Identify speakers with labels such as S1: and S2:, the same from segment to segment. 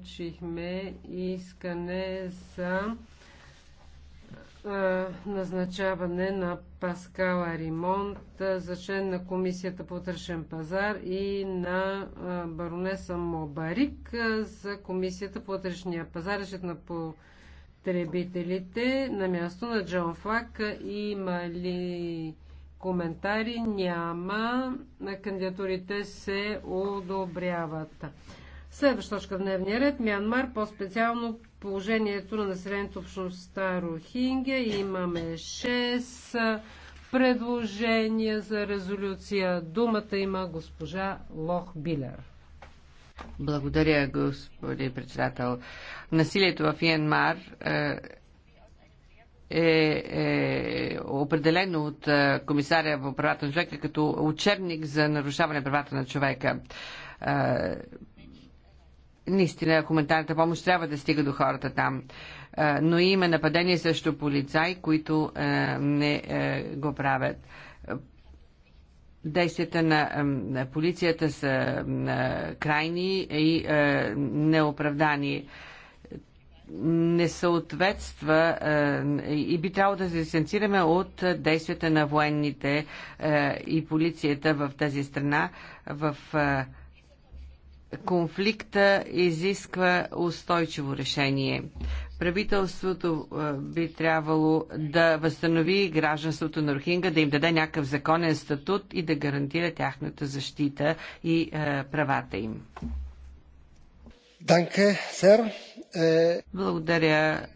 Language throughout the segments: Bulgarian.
S1: получихме искане за назначаване на Паскала Римонт за член на Комисията по утрешен пазар и на баронеса Мобарик за Комисията по вътрешния пазар, решет на потребителите на място на Джон Флак. Има ли коментари? Няма. Кандидатурите се одобряват. Следваща точка в дневния ред. Мянмар, по-специално положението на населението общността Рохингя. Имаме 6 предложения за резолюция. Думата има госпожа Лох Билер.
S2: Благодаря, господин председател. Насилието в Янмар е, е, е определено от е, комисаря в правата на човека като учебник за нарушаване правата на човека е, наистина хуманитарната помощ трябва да стига до хората там. Е, но има нападения срещу полицаи, които е, не е, го правят. Действията на, полицията са крайни и неоправдани. Не съответства и би трябвало да се дистанцираме от действията на военните и полицията в тази страна. В конфликта изисква устойчиво решение. Правителството е, би трябвало да възстанови гражданството на Рохинга, да им даде някакъв законен статут и да гарантира тяхната защита и е, правата им. Данке, сер. Е, Благодаря.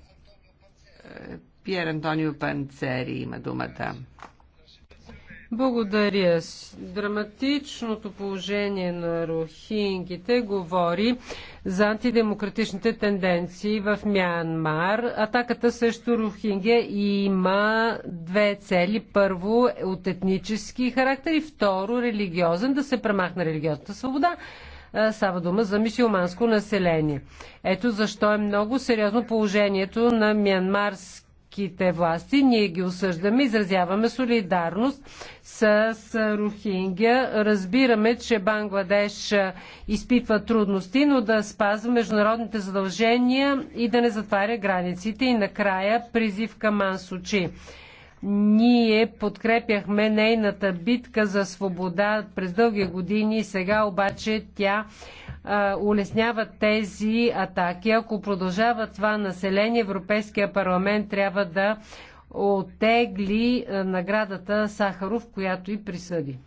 S2: Е, Пьер Антонио Панцери има думата.
S1: Благодаря. Драматичното положение на рохингите говори за антидемократичните тенденции в Мянмар. Атаката срещу рохинге има две цели. Първо от етнически характер и второ религиозен, да се премахне религиозната свобода. Става дума за мисиоманско население. Ето защо е много сериозно положението на мянмарски пакистанските власти. Ние ги осъждаме, изразяваме солидарност с Рохингя. Разбираме, че Бангладеш изпитва трудности, но да спазва международните задължения и да не затваря границите. И накрая призив към Мансучи. Ние подкрепяхме нейната битка за свобода през дълги години, сега обаче тя а, улеснява тези атаки. Ако продължава това население, Европейския парламент трябва да отегли наградата Сахаров, която и присъди.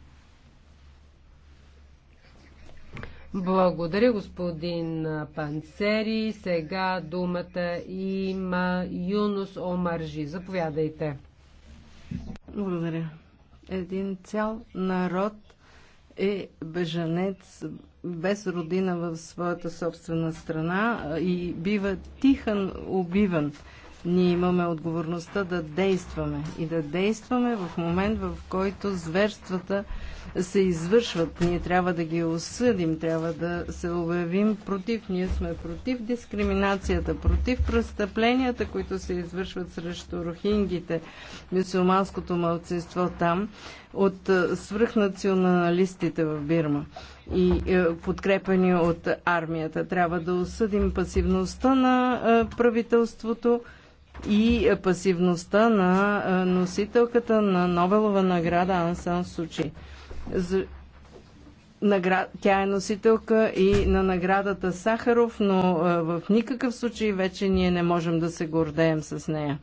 S1: Благодаря, господин Панцери. Сега думата има Юнус Омаржи. Заповядайте. Благодаря. Един цял народ
S3: е бежанец без родина в своята собствена страна и бива тихан убиван. Ние имаме отговорността да действаме и да действаме в момент, в който зверствата се извършват. Ние трябва да ги осъдим, трябва да се обявим против. Ние сме против дискриминацията, против престъпленията, които се извършват срещу рохингите, мусулманското мълцинство там, от свръхнационалистите в Бирма и е, подкрепени от армията. Трябва да осъдим пасивността на е, правителството и е, пасивността на носителката на Нобелова награда Ансан Сучи. Тя е носителка и на наградата Сахаров, но в никакъв случай вече ние не можем да се гордеем с нея.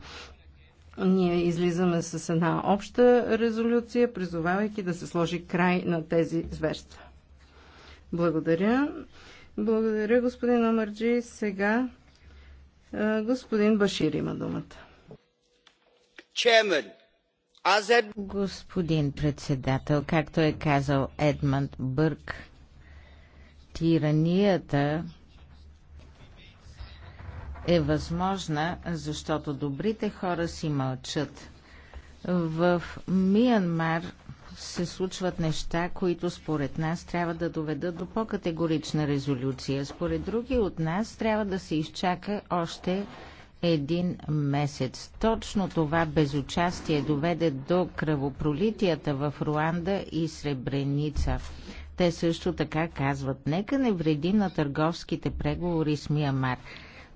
S3: Ние излизаме с една обща резолюция, призовавайки да се сложи край на тези зверства. Благодаря. Благодаря, господин Омарджи.
S4: Сега господин Башир има думата. Чемен, Господин председател, както е казал Едманд Бърк, тиранията е възможна, защото добрите хора си мълчат. В Миянмар се случват неща, които според нас трябва да доведат до по-категорична резолюция. Според други от нас трябва да се изчака още един месец. Точно това безучастие доведе до кръвопролитията в Руанда и Сребреница. Те също така казват, нека не вредим на търговските преговори с Миямар.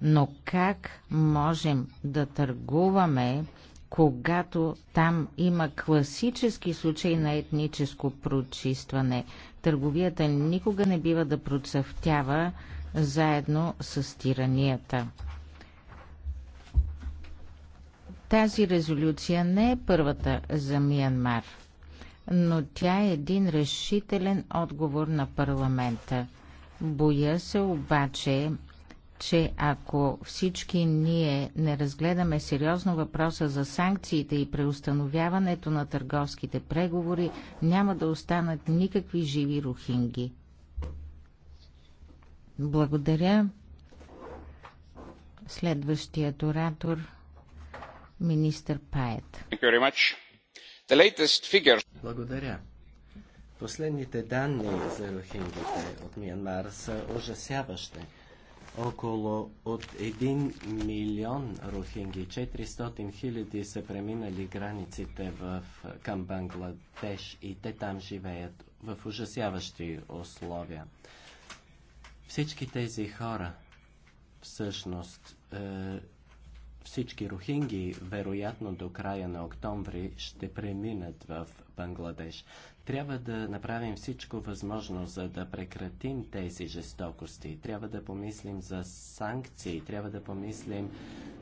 S4: Но как можем да търгуваме когато там има класически случаи на етническо прочистване. Търговията никога не бива да процъфтява заедно с тиранията. Тази резолюция не е първата за Миянмар, но тя е един решителен отговор на парламента. Боя се обаче, че ако всички ние не разгледаме сериозно въпроса за санкциите и преустановяването на търговските преговори, няма да останат никакви живи рухинги. Благодаря. Следващият оратор – министър
S5: Пает.
S6: Благодаря. Последните данни за рухингите от Миянмар са ужасяващи. Около от 1 милион рохинги, 400 хиляди са преминали границите в, към Бангладеш и те там живеят в ужасяващи условия. Всички тези хора всъщност е, всички рухинги, вероятно до края на октомври, ще преминат в Бангладеш. Трябва да направим всичко възможно, за да прекратим тези жестокости. Трябва да помислим за санкции, трябва да помислим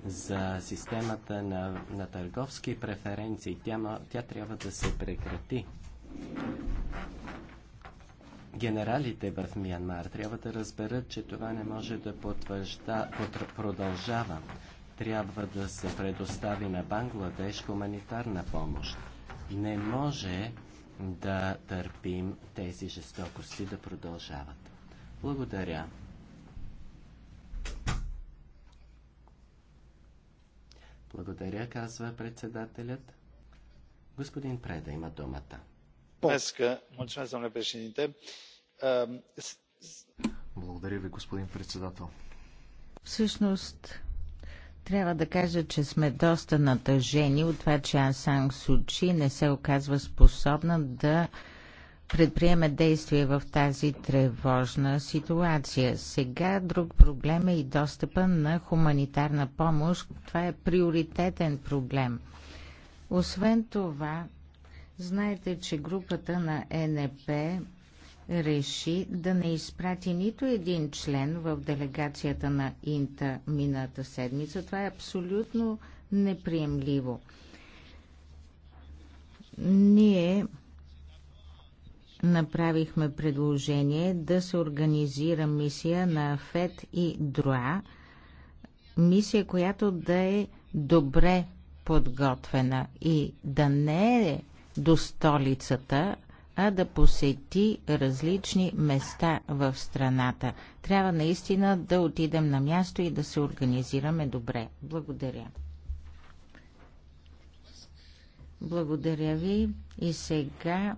S6: за системата на, на търговски преференции. Тя, тя трябва да се прекрати. Генералите в Миянмар трябва да разберат, че това не може да потвържда, продължава трябва да се предостави на Бангладеш хуманитарна помощ. Не може да търпим тези жестокости да продължават. Благодаря. Благодаря, казва председателят. Господин Преда има думата. Благодаря ви, господин председател.
S4: Всъщност, трябва да кажа, че сме доста натъжени от това, че Ансан Сучи не се оказва способна да предприеме действия в тази тревожна ситуация. Сега друг проблем е и достъпа на хуманитарна помощ. Това е приоритетен проблем. Освен това, знаете, че групата на НП реши да не изпрати нито един член в делегацията на Инта мината седмица. Това е абсолютно неприемливо. Ние направихме предложение да се организира мисия на ФЕД и ДРОА, мисия, която да е добре подготвена и да не е до столицата, а да посети различни места в страната. Трябва наистина да отидем на място и да се организираме добре. Благодаря. Благодаря ви и сега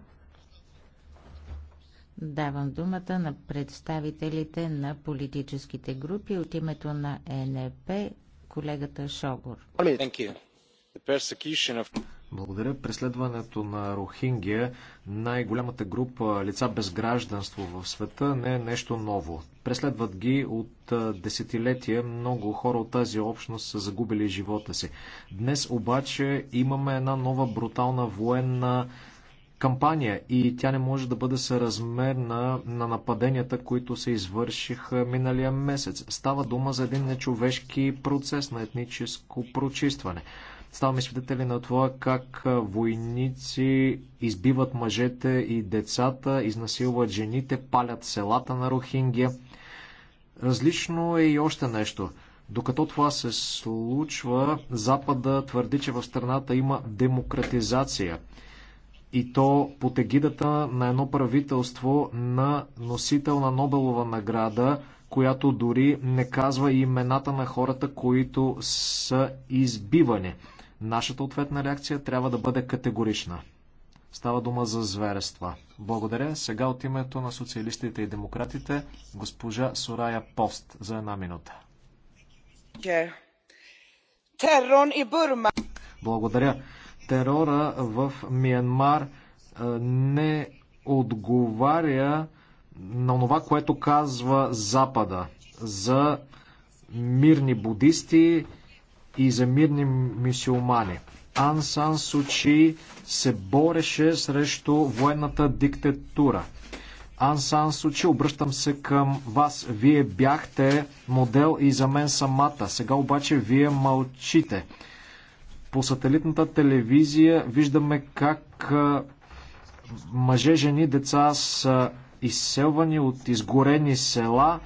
S4: давам думата на представителите на политическите групи от името на ЕНП, колегата Шогор.
S5: Thank you. Благодаря. Преследването на Рохингия, най-голямата група лица без гражданство в света, не е нещо ново. Преследват ги от десетилетия. Много хора от тази общност са загубили живота си. Днес обаче имаме една нова брутална военна кампания и тя не може да бъде съразмерна на нападенията, които се извършиха миналия месец. Става дума за един нечовешки процес на етническо прочистване. Ставаме свидетели на това как войници избиват мъжете и децата, изнасилват жените, палят селата на Рохингия. Различно е и още нещо. Докато това се случва, Запада твърди, че в страната има демократизация. И то под егидата на едно правителство на носител на Нобелова награда, която дори не казва имената на хората, които са избивани. Нашата ответна реакция трябва да бъде категорична. Става дума за зверества. Благодаря. Сега от името на социалистите и демократите, госпожа Сорая Пост за една минута. Благодаря. Терора в Миянмар е, не отговаря на това, което казва Запада за мирни будисти, и за мирни мисиомани. Ан Сан Сучи се бореше срещу военната диктатура. Ан Сан Сучи, обръщам се към вас. Вие бяхте модел и за мен самата. Сега обаче вие мълчите. По сателитната телевизия виждаме как мъже, жени, деца са изселвани от изгорени села.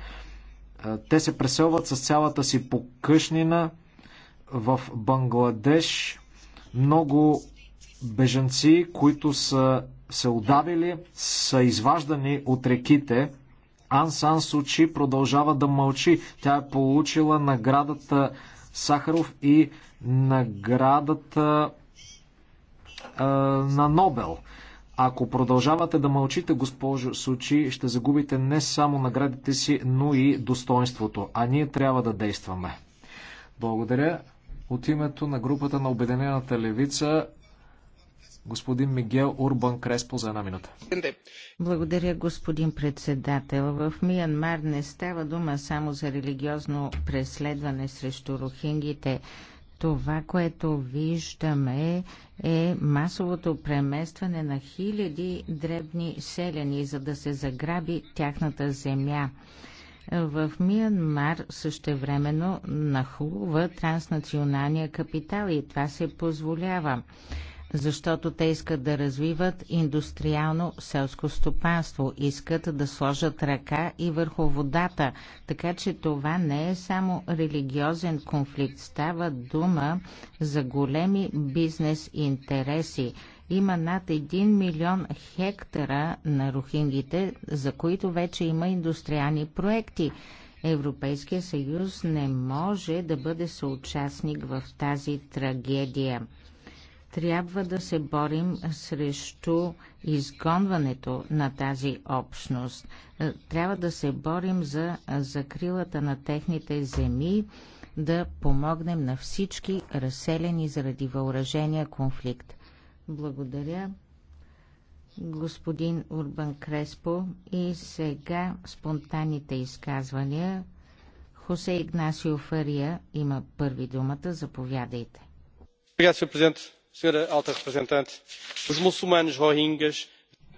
S5: Те се преселват с цялата си покъшнина в Бангладеш много бежанци, които са се удавили, са изваждани от реките. Ан Сан Сучи продължава да мълчи. Тя е получила наградата Сахаров и наградата е, на Нобел. Ако продължавате да мълчите, госпожо Сучи, ще загубите не само наградите си, но и достоинството. А ние трябва да действаме. Благодаря. От името на групата на Обединената левица господин Мигел Урбан Креспо за една минута.
S4: Благодаря, господин председател. В Миянмар не става дума само за религиозно преследване срещу рухингите. Това, което виждаме е масовото преместване на хиляди дребни селени, за да се заграби тяхната земя. В Миянмар същевременно нахлува транснационалния капитал и това се позволява защото те искат да развиват индустриално селско стопанство, искат да сложат ръка и върху водата. Така че това не е само религиозен конфликт, става дума за големи бизнес интереси. Има над 1 милион хектара на рухингите, за които вече има индустриални проекти. Европейския съюз не може да бъде съучастник в тази трагедия. Трябва да се борим срещу изгонването на тази общност. Е, трябва да се борим за закрилата на техните земи, да помогнем на всички разселени заради въоръжения конфликт. Благодаря, господин Урбан Креспо. И сега спонтанните изказвания. Хосе Игнасио Фария има първи думата. Заповядайте.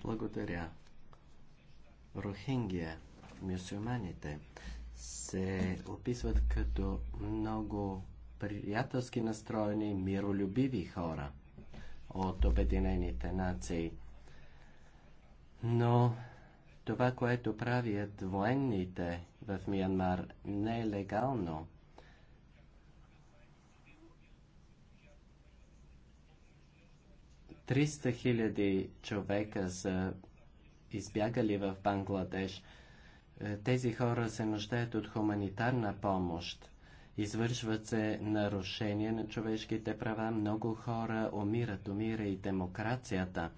S6: Благодаря. Рохингия, мюсюлманите, се описват като много приятелски настроени, миролюбиви хора – от Обединените нации. Но това, което правят военните в Миянмар, не е легално. Триста хиляди човека са избягали в Бангладеш. Тези хора се нуждаят от хуманитарна помощ. Извършват се нарушения на човешките права, много хора умират, умира и демокрацията.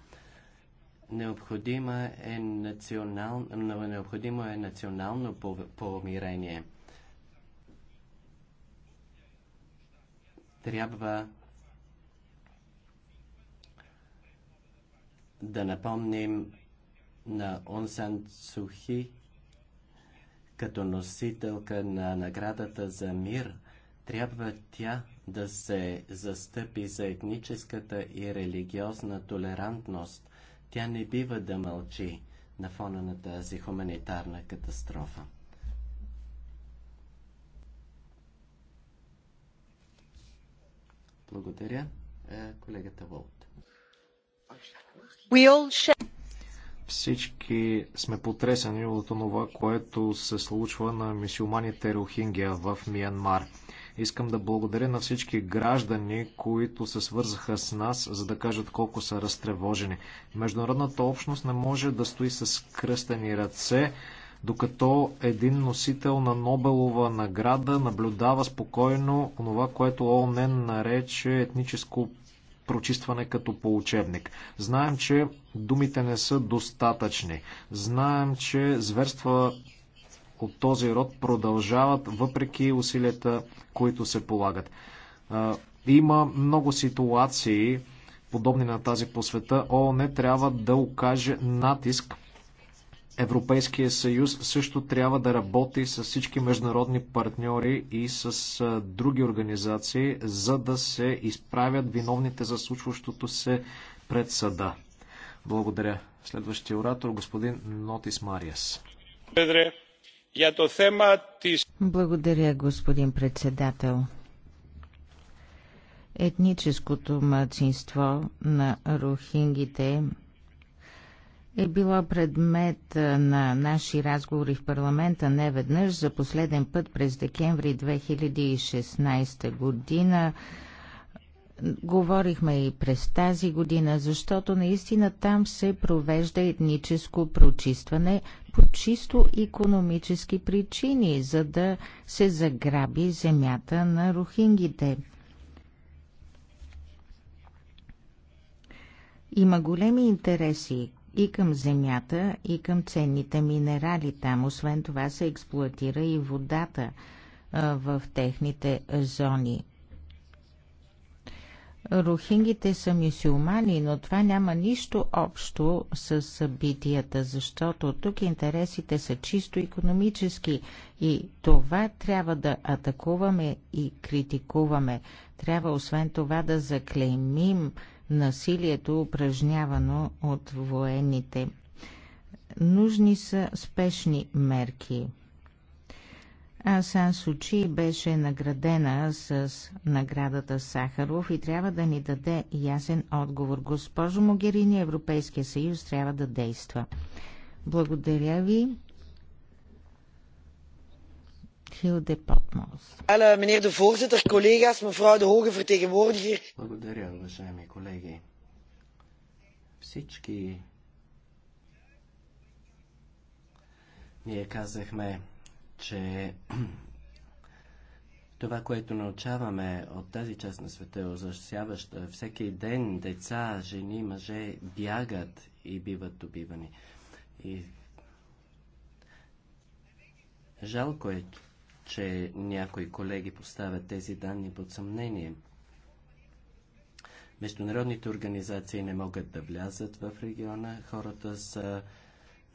S6: Необходимо е, национал... Необходимо е национално помирение. Трябва да напомним на Онсан Сухи, като носителка на наградата за мир, трябва тя да се застъпи за етническата и религиозна толерантност. Тя не бива да мълчи на фона на тази хуманитарна катастрофа. Благодаря, е, колегата Волт.
S5: Всички сме потресени от това, което се случва на мисиоманите Рохингия в Миянмар. Искам да благодаря на всички граждани, които се свързаха с нас, за да кажат колко са разтревожени. Международната общност не може да стои с кръстени ръце, докато един носител на Нобелова награда наблюдава спокойно това, което ООН нарече етническо прочистване като по учебник. Знаем, че думите не са достатъчни. Знаем, че зверства от този род продължават въпреки усилията, които се полагат. Има много ситуации, подобни на тази по света. ООН трябва да окаже натиск Европейския съюз също трябва да работи с всички международни партньори и с други организации, за да се изправят виновните за случващото се пред съда. Благодаря. Следващия оратор, господин Нотис Мариас. Благодаря,
S4: господин председател. Етническото мъцинство на рухингите е била предмет на наши разговори в парламента не веднъж за последен път през декември 2016 година. Говорихме и през тази година, защото наистина там се провежда етническо прочистване по чисто економически причини, за да се заграби земята на рухингите. Има големи интереси, и към земята, и към ценните минерали там. Освен това се експлуатира и водата в техните зони. Рухингите са мюсюлмани, но това няма нищо общо с събитията, защото тук интересите са чисто економически и това трябва да атакуваме и критикуваме. Трябва освен това да заклеймим насилието, упражнявано от военните. Нужни са спешни мерки. Асан Сучи беше наградена с наградата Сахаров и трябва да ни даде ясен отговор. Госпожо Могерини, Европейския съюз трябва да действа. Благодаря ви. Хилде Потмос.
S2: de voorzitter, collega's, mevrouw de hoge vertegenwoordiger.
S6: Благодаря, уважаеми колеги. Всички ние казахме, че това, което научаваме от тази част на света е ужасяваща. Всеки ден деца, жени, мъже бягат и биват убивани. И... Жалко е, че някои колеги поставят тези данни под съмнение. Международните организации не могат да влязат в региона, хората са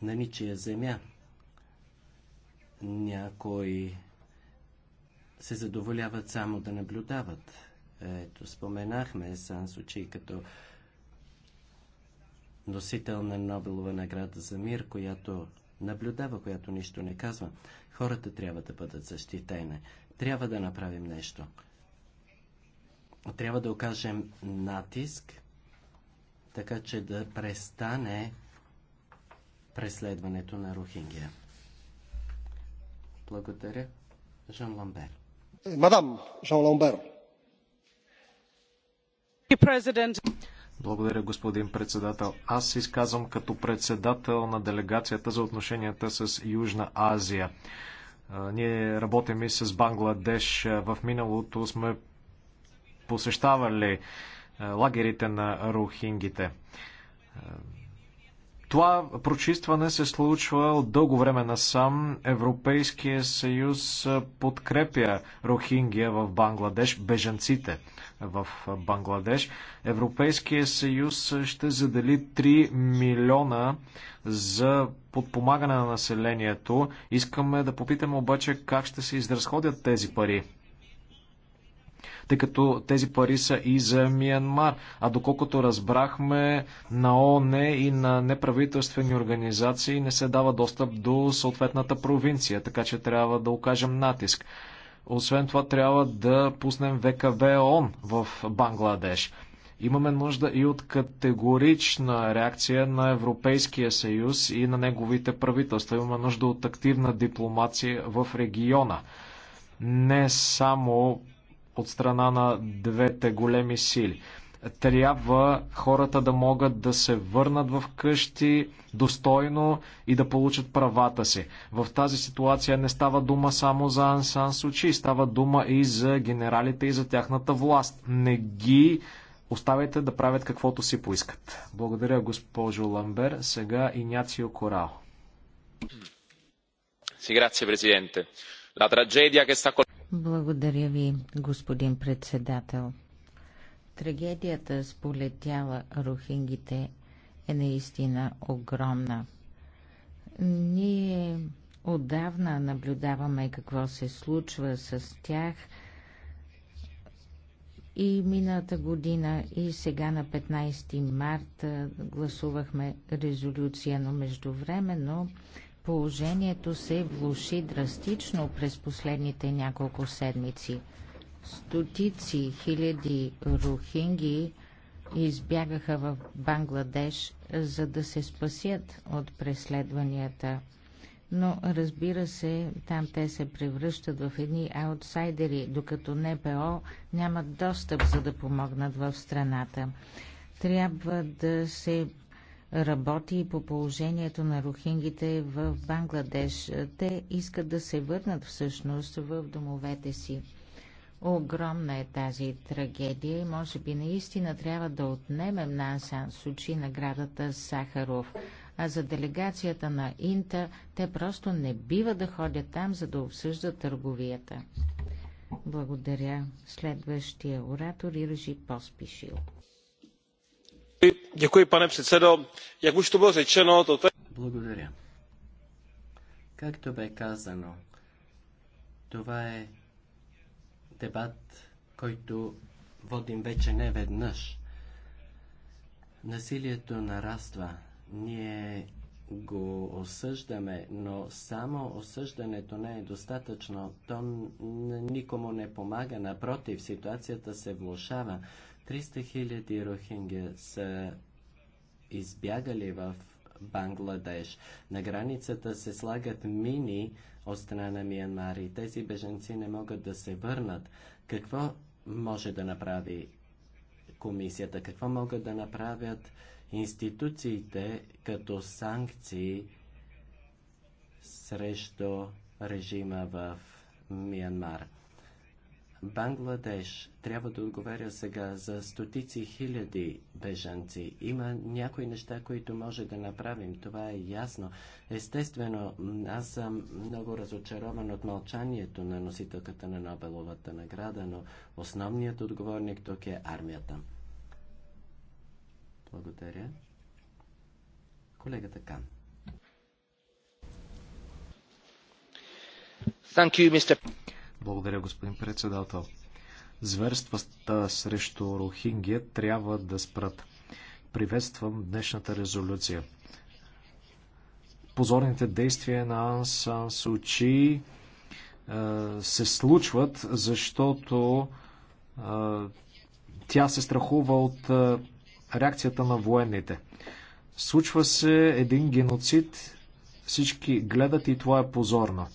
S6: на ничия земя. Някои се задоволяват само да наблюдават. Ето, споменахме Сан Сучи като носител на Нобелова награда за мир, която наблюдава, която нищо не казва. Хората трябва да бъдат защитени. Трябва да направим нещо. Трябва да окажем натиск, така че да престане преследването на рухингия. Благодаря. Жан Ламбер. Мадам Жан Ламбер.
S5: Благодаря, господин председател. Аз се изказвам като председател на делегацията за отношенията с Южна Азия. Ние работим и с Бангладеш. В миналото сме посещавали лагерите на рухингите. Това прочистване се случва от дълго време насам. Европейския съюз подкрепя Рохингия в Бангладеш, беженците в Бангладеш. Европейския съюз ще задели 3 милиона за подпомагане на населението. Искаме да попитаме обаче как ще се изразходят тези пари тъй като тези пари са и за Миянмар. А доколкото разбрахме, на ООН и на неправителствени организации не се дава достъп до съответната провинция, така че трябва да окажем натиск. Освен това, трябва да пуснем ВКВ ООН в Бангладеш. Имаме нужда и от категорична реакция на Европейския съюз и на неговите правителства. Имаме нужда от активна дипломация в региона. Не само от страна на двете големи сили. Трябва хората да могат да се върнат в къщи достойно и да получат правата си. В тази ситуация не става дума само за Ансан Сучи, става дума и за генералите и за тяхната власт. Не ги оставяйте да правят каквото си поискат. Благодаря, госпожо Ламбер. Сега Иняцио Корао. Grazie президенте. La tragedia che sta
S4: благодаря ви, господин председател. Трагедията сполетяла рухингите е наистина огромна. Ние отдавна наблюдаваме какво се случва с тях и миналата година и сега на 15 марта гласувахме резолюция, но междувременно Положението се влуши драстично през последните няколко седмици. Стотици хиляди рухинги избягаха в Бангладеш, за да се спасят от преследванията. Но разбира се, там те се превръщат в едни аутсайдери, докато НПО нямат достъп, за да помогнат в страната. Трябва да се работи и по положението на рухингите в Бангладеш. Те искат да се върнат всъщност в домовете си. Огромна е тази трагедия и може би наистина трябва да отнемем на Асан Сучи наградата Сахаров. А за делегацията на Инта те просто не бива да ходят там, за да обсъждат търговията. Благодаря. Следващия оратор Иржи Поспишил
S5: pane Jak už bylo řečeno, toto...
S6: Благодаря. Както бе казано, това е дебат, който водим вече не веднъж. Насилието нараства. Ние го осъждаме, но само осъждането не е достатъчно. То никому не помага. Напротив, ситуацията се влушава. 300 000 рохинги са избягали в Бангладеш. На границата се слагат мини от страна на Миянмар и тези беженци не могат да се върнат. Какво може да направи комисията? Какво могат да направят институциите като санкции срещу режима в Миянмар. Бангладеш трябва да отговаря сега за стотици хиляди бежанци. Има някои неща, които може да направим. Това е ясно. Естествено, аз съм много разочарован от мълчанието на носителката на Нобеловата награда, но основният отговорник тук е армията. Благодаря. Колегата Кан.
S5: You, Благодаря, господин председател. Зверствата срещу Рохингия трябва да спрат. Приветствам днешната резолюция. Позорните действия на Ансан Сан Сучи е, се случват, защото е, тя се страхува от е, реакцията на военните. Случва се един геноцид, всички гледат и това е позорно.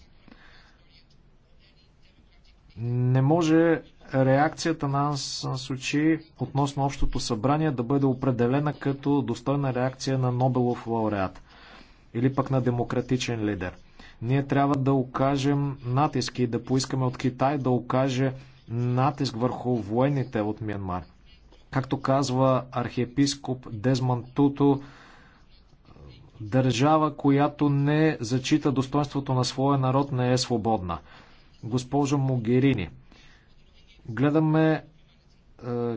S5: Не може реакцията на Ансан Сучи относно общото събрание да бъде определена като достойна реакция на Нобелов лауреат или пък на демократичен лидер. Ние трябва да окажем натиски и да поискаме от Китай да окаже натиск върху военните от Миянмар. Както казва архиепископ Дезман Туто, държава, която не зачита достоинството на своя народ, не е свободна. Госпожо Могерини, гледаме е,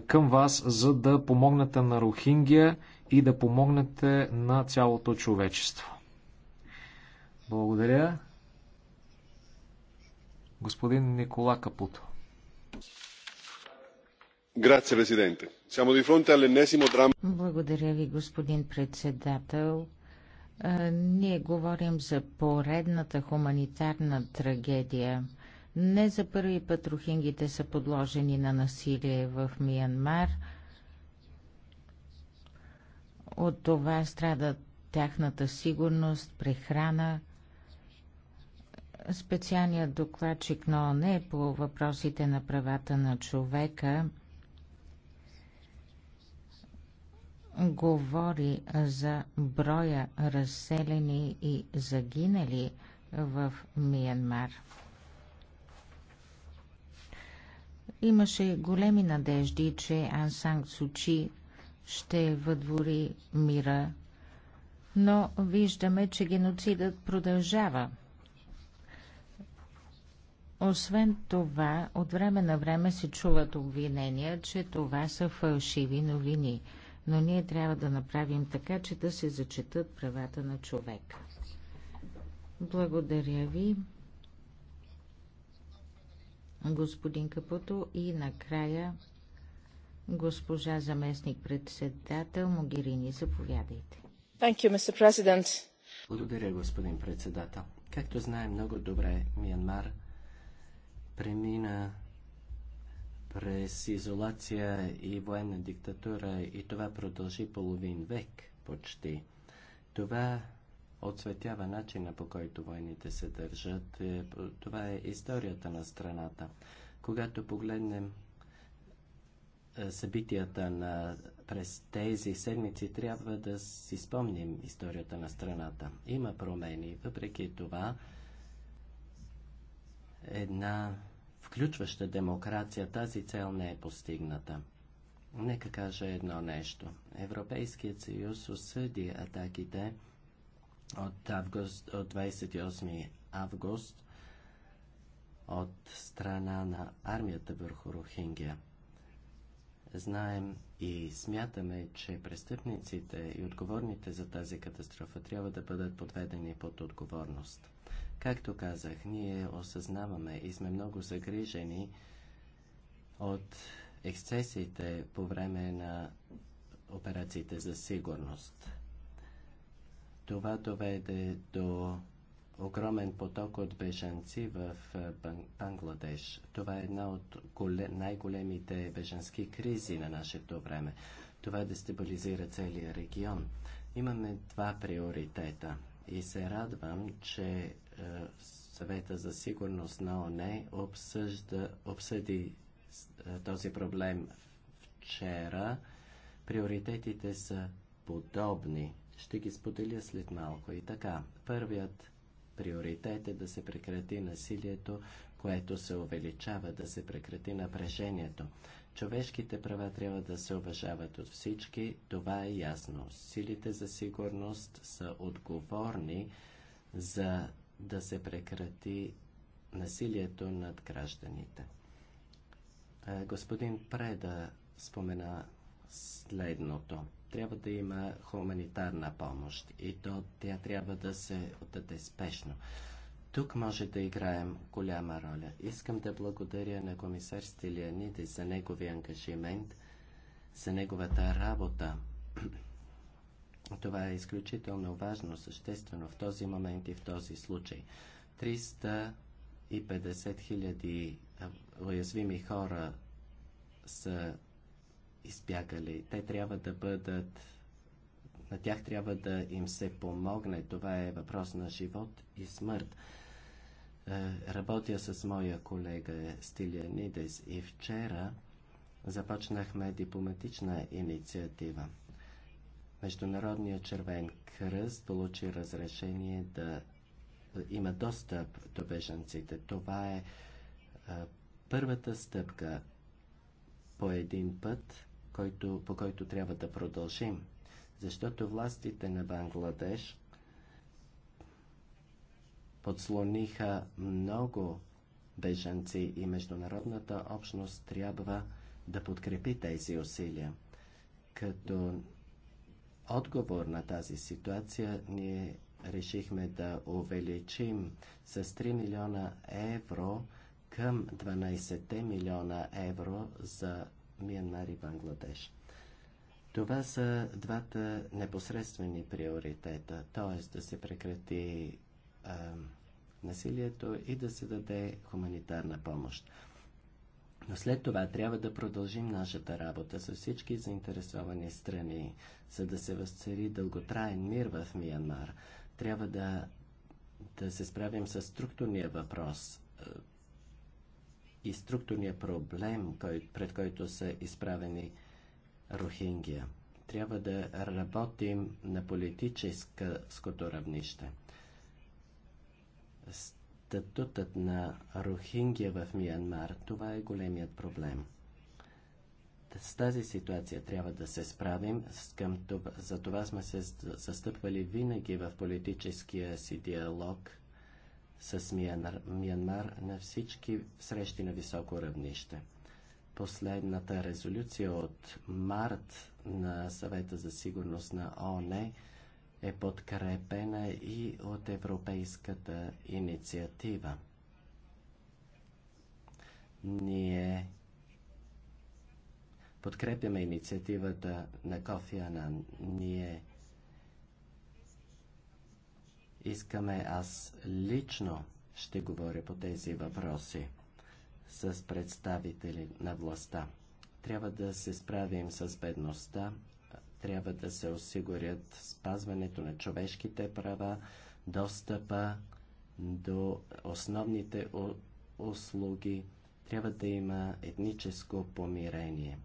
S5: към вас, за да помогнете на Рохингия и да помогнете на цялото човечество. Благодаря. Господин Никола Капуто.
S6: Grazie Presidente.
S4: Благодаря ви, господин председател. Ние говорим за поредната хуманитарна трагедия. Не за първи път рухингите са подложени на насилие в Миянмар. От това страда тяхната сигурност, прехрана. Специалният докладчик но не по въпросите на правата на човека – говори за броя разселени и загинали в Миянмар. Имаше големи надежди, че Ансанг Сучи ще въдвори мира, но виждаме, че геноцидът продължава. Освен това, от време на време се чуват обвинения, че това са фалшиви новини – но ние трябва да направим така, че да се зачитат правата на човека. Благодаря ви, господин Капото, и накрая госпожа заместник-председател Могирини, заповядайте. Thank you, Mr. President.
S6: Благодаря, господин председател. Както знаем много добре, Миянмар премина през изолация и военна диктатура и това продължи половин век почти. Това отсветява начина по който войните се държат. Е, това е историята на страната. Когато погледнем е, събитията на през тези седмици трябва да си спомним историята на страната. Има промени. Въпреки това, една включваща демокрация, тази цел не е постигната. Нека кажа едно нещо. Европейският съюз осъди атаките от, август, от 28 август от страна на армията върху Рохингия. Знаем и смятаме, че престъпниците и отговорните за тази катастрофа трябва да бъдат подведени под отговорност. Както казах, ние осъзнаваме и сме много загрижени от ексцесиите по време на операциите за сигурност. Това доведе до огромен поток от бежанци в Бангладеш. Това е една от най-големите бежански кризи на нашето време. Това дестабилизира целия регион. Имаме два приоритета и се радвам, че е, съвета за сигурност на ОНЕ обсъжда, обсъди е, този проблем вчера. Приоритетите са подобни. Ще ги споделя след малко. И така, първият приоритет е да се прекрати насилието, което се увеличава, да се прекрати напрежението. Човешките права трябва да се уважават от всички, това е ясно. Силите за сигурност са отговорни за да се прекрати насилието над гражданите. Господин Преда спомена следното. Трябва да има хуманитарна помощ и то тя трябва да се отдаде спешно. Тук може да играем голяма роля. Искам да благодаря на комисар Стилианиди за неговия ангажимент, за неговата работа това е изключително важно, съществено в този момент и в този случай. 350 хиляди уязвими хора са избягали. Те трябва да бъдат на тях трябва да им се помогне. Това е въпрос на живот и смърт. Е, работя с моя колега Стилианидес и вчера започнахме дипломатична инициатива. Международният червен кръст получи разрешение да има достъп до бежанците. Това е а, първата стъпка по един път, който, по който трябва да продължим, защото властите на Бангладеш подслониха много бежанци и международната общност трябва да подкрепи тези усилия, като отговор на тази ситуация ние решихме да увеличим с 3 милиона евро към 12 милиона евро за Миянмар и Бангладеш. Това са двата непосредствени приоритета, т.е. да се прекрати а, насилието и да се даде хуманитарна помощ. Но след това трябва да продължим нашата работа с всички заинтересовани страни, за да се възцари дълготраен мир в Миянмар. Трябва да, да се справим с структурния въпрос е, и структурния проблем, кой, пред който са изправени Рохингия. Трябва да работим на политическото равнище статутът на Рохингия в Миянмар, това е големият проблем. С тази ситуация трябва да се справим. за това сме се застъпвали винаги в политическия си диалог с Миянмар на всички срещи на високо равнище. Последната резолюция от март на съвета за сигурност на ОНЕ е подкрепена и от Европейската инициатива. Ние подкрепяме инициативата на Кофи Ние искаме аз лично ще говоря по тези въпроси с представители на властта. Трябва да се справим с бедността, трябва да се осигурят спазването на човешките права, достъпа до основните услуги, трябва да има етническо помирение.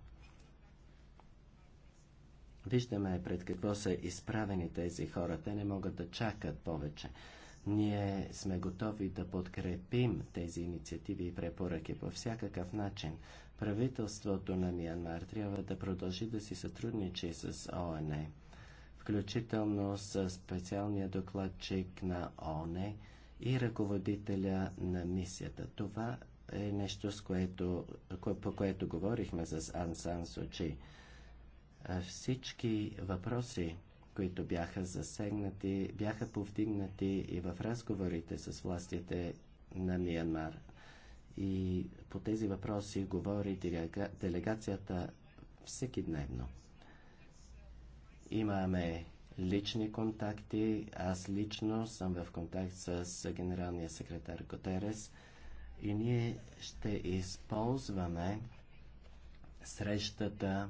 S6: Виждаме пред какво са изправени тези хора. Те не могат да чакат повече. Ние сме готови да подкрепим тези инициативи и препоръки по всякакъв начин, Правителството на Миянмар трябва да продължи да си сътрудничи с ООН, включително с специалния докладчик на ООН и ръководителя на мисията. Това е нещо, с което, по което говорихме с Ансан Сочи. Всички въпроси, които бяха засегнати, бяха повдигнати и в разговорите с властите на Миянмар и по тези въпроси говори делегацията всеки дневно. Имаме лични контакти. Аз лично съм в контакт с генералния секретар Готерес и ние ще използваме срещата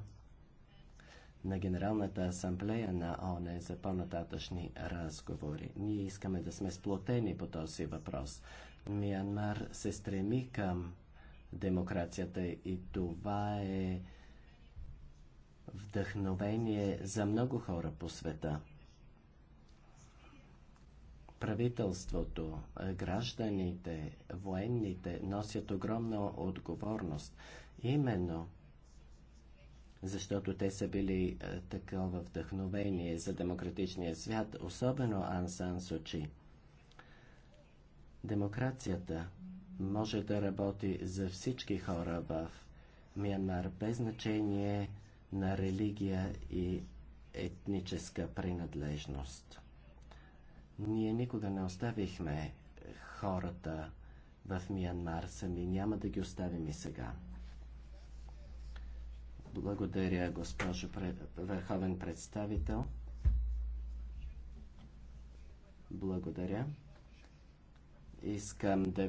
S6: на Генералната асамблея на ОНЕ за по-нататъчни разговори. Ние искаме да сме сплотени по този въпрос. Миянмар се стреми към демокрацията и това е вдъхновение за много хора по света. Правителството, гражданите, военните носят огромна отговорност. Именно защото те са били е, такова вдъхновение за демократичния свят, особено Ансан Сочи. Демокрацията може да работи за всички хора в Миянмар, без значение на религия и етническа принадлежност. Ние никога не оставихме хората в Миянмар сами, няма да ги оставим и сега. Благодаря, госпожо Върховен представител. Благодаря. Искам да